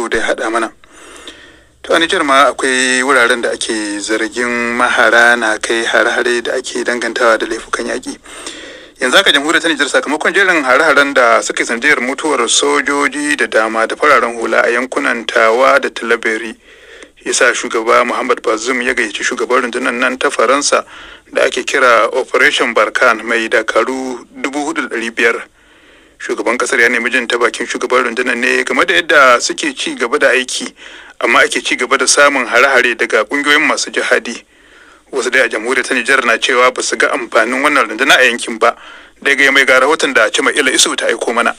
fito da haɗa mana to a Nijar ma akwai wuraren da ake zargin mahara na kai hare-hare da ake dangantawa da laifukan yaƙi yanzu haka jamhuriyar ta Nijar sakamakon jerin hare-haren da suka sanadiyar mutuwar sojoji da dama da fararen hula a yankunan tawa da talaberi yasa shugaba muhammad bazoum ya gayyaci shugaban rundunar nan ta faransa da ake kira operation barkan mai dakaru dubu ɗari biyar. shugaban kasar ya nemi jin ta bakin shugaban rundunar ne game da yadda suke ci gaba da aiki amma ake ci gaba da samun hare-hare daga kungiyoyin masu jihadi wasu dai a jamhuriyar ta nijar na cewa ba su ga amfanin wannan runduna a yankin ba daga mai ga rahoton da cima ila isu ta aiko mana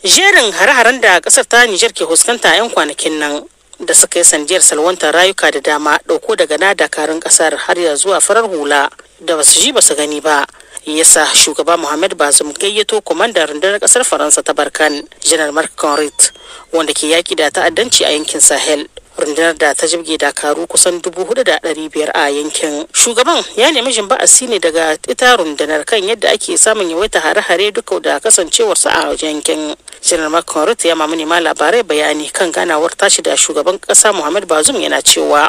jerin hare-haren da kasar ta nijar ke fuskanta yan kwanakin nan da suka yi sanjiyar salwantar rayuka da dama dauko daga na dakarun kasar har ya zuwa farar hula da basu ji basu gani ba yasa shugaba mohamed Bazoum gayyato kwamandan rundunar kasar Faransa ta Barkan Janar Mark Conrit wanda ke yaki da ta'addanci a yankin Sahel rundunar da ta jibge dakaru kusan dubu hudu da ɗari biyar a yankin shugaban ya nemi jin ba'asi ne daga ita rundunar kan yadda ake samun yawaita hare-hare duka da kasancewarsa a yankin janar macron ya mamu nema labarai bayani kan ganawar tashi da shugaban ƙasa muhammad bazum yana cewa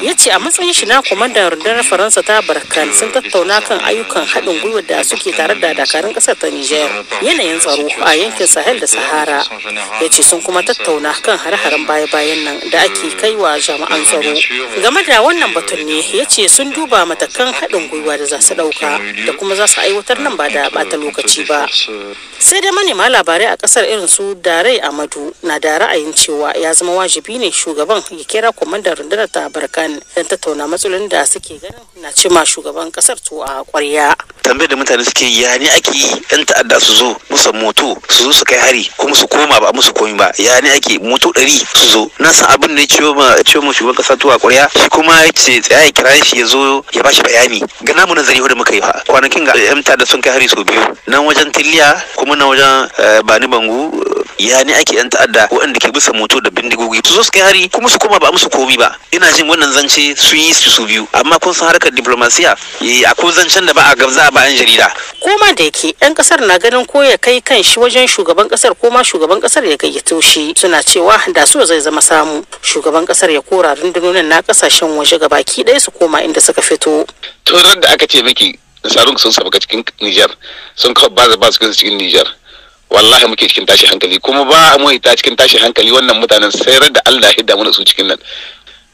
ya ce a matsayin shi na kwamandan rundunar faransa ta barkan sun tattauna kan ayyukan haɗin gwiwa da suke tare da dakarun ƙasar ta nijar yanayin tsaro a yankin sahel da sahel shahara ya ce sun kuma tattauna kan hare-haren baya-bayan nan da ake kai wa jami'an tsaro game da wannan batun ne ya ce sun duba matakan haɗin gwiwa da za su ɗauka da kuma za su aiwatar nan ba da bata lokaci ba sai dai manema labarai a ƙasar irin su darai amadu na da ra'ayin cewa ya zama wajibi ne shugaban ya kira kwamandan rundunar ta barkan don tattauna matsalolin da suke ganin na cima shugaban ƙasar to a ƙwarya tambayar da mutane suke yi ya ne ake yi yan ta'adda su zo musa moto su zo su kai hari kuma su koma ba musu komi ba ya ne ake moto ɗari su zo na san abin da ya ciwo ma ciwo ma shugaban kasa tuwa ƙwarya shi kuma ya ce tsaya ya kira shi ya zo ya bashi bayani ga namu nazari da muka yi fa kwanakin ga yan da sun kai hari sau biyu nan wajen tiliya kuma nan wajen eh, bani bangu ya ne ake yan ta'adda waɗanda ke bisa moto da bindigogi su zo su kai hari kuma su koma ba musu komi ba ina jin wannan zance sun yi su su biyu amma kun san harkar diplomasiya eh, akwai zancen da ba a gamza ba an jarida koma da yake yan kasar na ganin ko ya kai kan shi wajen shugaban kasar ko ma shugaban kasar ya gayyato shi suna cewa da su zai zama samu shugaban kasar ya kora rundunonin na kasashen waje gabaki ɗaya su koma inda suka fito tun da aka ce miki sarun sun sabga cikin Nijar sun kawo baza su cikin Nijar wallahi muke cikin tashi hankali kuma ba mai ta cikin tashi hankali wannan mutanen sayar da Allah hidda mana su cikin nan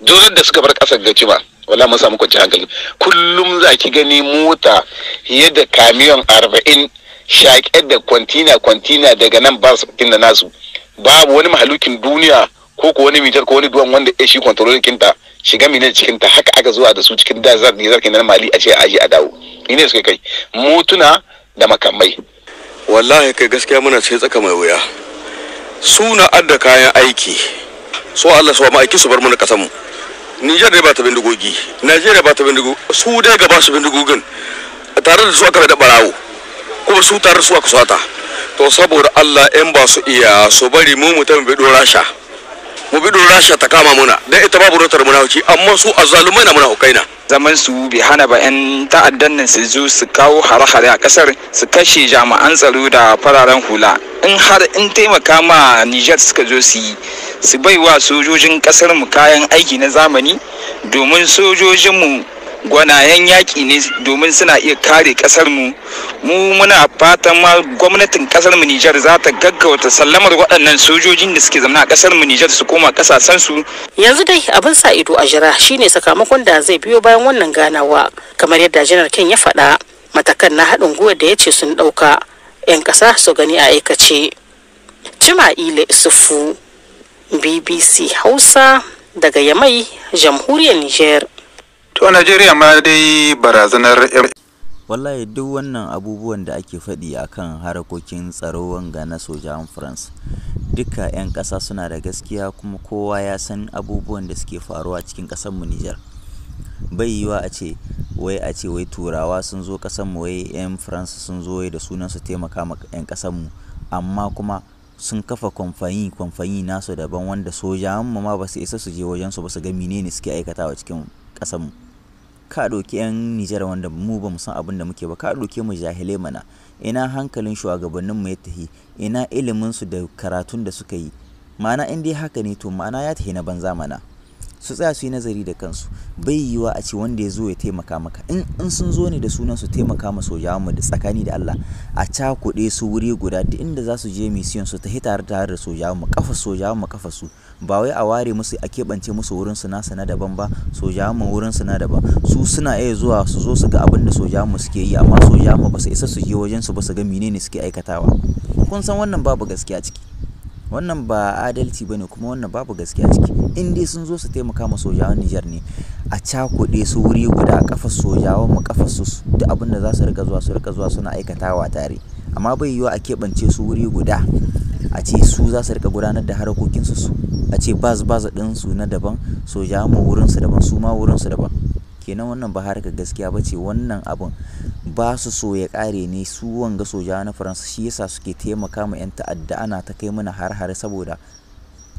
dole da suka bar kasar ba wallahi mun samu kwanci hankali kullum za ki gani mota fiye da kamiyon arba'in shaƙe da kwantina kwantina daga nan ba su da nasu babu wani mahalukin duniya ko ko wani mitar ko wani duwan wanda ya shi kwantarolin kinta shiga minin cikin ta haka aka zuwa da su cikin da zarki zarki na mali a ce a a dawo ine suka kai mutuna da makamai wallahi kai gaskiya muna ce tsaka mai wuya suna adda kayan aiki so Allah su ma aiki su bar mana kasan mu Nijar dai ba ta bindigogi Nigeria ba ta bindigo su dai gaba su bindigogin tare da su aka da barawo kuma su tare su aka sata to saboda Allah in ba su iya su bari mu mutum bai dora sha mu bi rasha ta kama muna dan ita babu rotar munafuci amma su azzalumai na muna na zaman su bi hana ba yan ta'addan nan su zo su kawo hare-hare a kasar su kashe jami'an tsaro da fararen hula in har in taimaka ma Niger suka zo su yi su baiwa sojojin kasar mu kayan aiki na zamani domin sojojin mu gwanayen yaƙi ne domin suna iya kare ƙasar mu mu muna fatan ma gwamnatin ƙasar mu Nijar za ta gaggauta sallamar waɗannan sojojin da suke zama a ƙasar mu Nijar su koma ƙasashen su yanzu dai abin sa ido a jira shine sakamakon da zai biyo bayan wannan ganawa kamar yadda janar Ken ya faɗa matakan na haɗin gwiwa da ya ce sun ɗauka 'yan ƙasa su gani a aikace Jima'ile Isufu BBC Hausa daga Yamai, Jamhuriyar Nijar. to najeriya ma dai barazanar wallahi duk wannan abubuwan da ake faɗi akan harakokin tsaro wanga na sojan france duka 'yan ƙasa suna da gaskiya kuma kowa ya san abubuwan da suke faruwa cikin ƙasarmu nijar bai yiwa a ce wai a ce wai turawa sun zo ƙasarmu wai 'yan france sun zo da sunan su taimaka ma 'yan ƙasarmu amma kuma sun kafa kwamfani kwamfani nasu daban wanda sojan ma ba su isa su je wajen su ba su ga menene suke aikatawa cikin ƙasarmu ka ɗauki 'yan Nijar wanda mu ba mu san abin da muke ba ka ɗauke mu jahilai mana ina hankalin shugabannin mu ya tahi ina ilimin su da karatun da suka yi ma'ana in dai haka ne to ma'ana ya tahi na banza mana su tsaya su yi nazari da kansu bai yiwa a ce wanda ya zo ya taimaka maka in in sun zo ne da sunan su taimaka ma sojawan mu da tsakani da Allah a cakuɗe su wuri guda duk inda za su je mission su ta hitar tare da sojawan mu kafa sojawan mu kafa su ba wai a ware musu a keɓance musu wurin su nasa na daban ba sojawan mu wurin su na daban su suna iya zuwa su zo su ga abin da sojawan mu suke yi amma sojawan mu ba su isa su je wajen su ba su ga menene suke aikatawa kun san wannan babu gaskiya ciki wannan ba adalci ba ne kuma wannan babu gaskiya ciki in dai sun zo su taimaka ma sojawan Nijar ne a cakuɗe su wuri guda kafa sojawan mu kafa su duk abin da za su rika zuwa su rika zuwa suna aikatawa tare amma bai yiwa a keɓance su wuri guda a ce su za su rika gudanar da harakokinsu su a ce baz baz su na daban sojawan mu wurinsu daban su ma wurinsu daban kenan wannan ba harkar gaskiya ba ce wannan abun ba su so ya kare ne su wanga soja na faransa shi yasa suke taimaka ma 'yan ta'adda ana ta kai mana har-hare saboda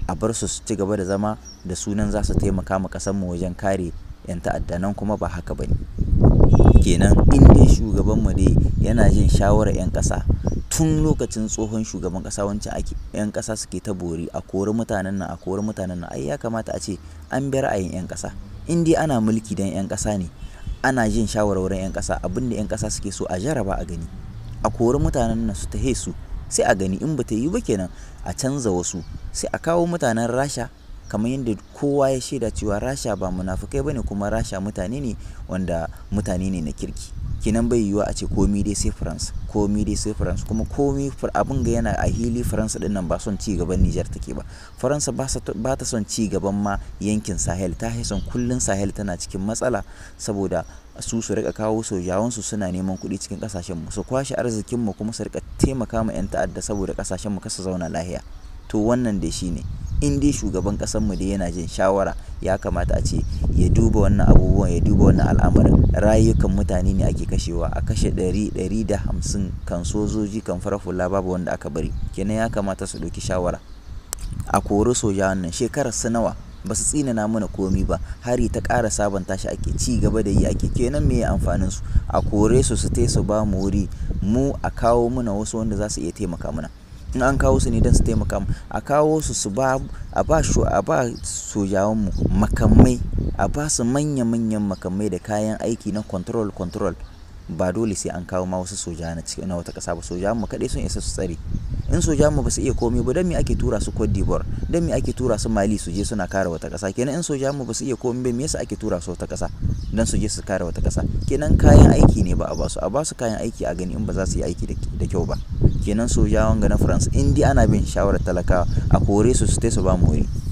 a bar su su ci gaba da zama da sunan za su taimaka ma mu wajen kare 'yan ta'adda nan kuma ba haka ba ne kenan inda shugaban shugabanmu dai yana jin shawarar 'yan ƙasa tun lokacin tsohon shugaban kasa wancan ake yan kasa suke ta bori a kori mutanen nan a kori mutanen nan ai ya kamata a ce an bi ra'ayin yan kasa in dai ana mulki dan yan kasa ne ana jin shawarwarin yan kasa abin da yan kasa suke so a jaraba a gani a kori mutanen nan su ta su sai a gani in ba ta yi ba kenan a canza wasu sai a kawo mutanen rasha kamar yadda kowa ya shaida cewa rasha ba munafukai bane kuma rasha mutane ne wanda mutane ne na kirki kenan bai yiwuwa a ce komi dai sai france komi dai sai france kuma komi abin ga yana a hili france din nan ba son ci gaban niger take ba faransa ba ta son ci gaban ma yankin sahel ta son kullun sahel tana cikin matsala saboda su su rika kawo su suna neman kuɗi cikin kasashen mu su kwashe arzikin mu kuma su rika taimaka ma 'yan ta'adda saboda kasashen mu kasa zauna lahiya to wannan dai shine in dai shugaban mu dai yana jin shawara ya kamata a ce ya duba wannan abubuwan ya duba wannan al'amarin rayukan mutane ne ake kashewa a kashe ɗari da hamsin kan sojoji kan farafula babu wanda aka bari kenan ya kamata su ɗauki shawara a kori soja wannan shekarar su nawa ba su tsinana mana komi ba hari ta ƙara sabanta shi ake ci gaba da yi ake kenan me amfanin su a kore su su te su ba mu wuri mu a kawo muna wasu wanda za su iya taimaka mana in an kawo su ne don su taimaka mu a kawo su su ba a ba a ba sojawan mu makamai a ba su manya-manyan makamai da kayan aiki na control control ba dole sai an kawo ma wasu soja na cikin wata ƙasa ba soja mu kadai sun isa su tsare in soja mu ba su iya komai ba dan me ake tura su Cote d'Ivoire dan me ake tura su Mali su je suna kare wata ƙasa kenan in soja mu ba su iya komai ba me yasa ake tura su wata ƙasa dan su je su kare wata ƙasa kenan kayan aiki ne ba a ba su a ba su kayan aiki a gani in ba za su yi aiki da kyau ba kenan sojawan ga na france in dai ana bin shawarar talakawa a kore su su su ba mu wuri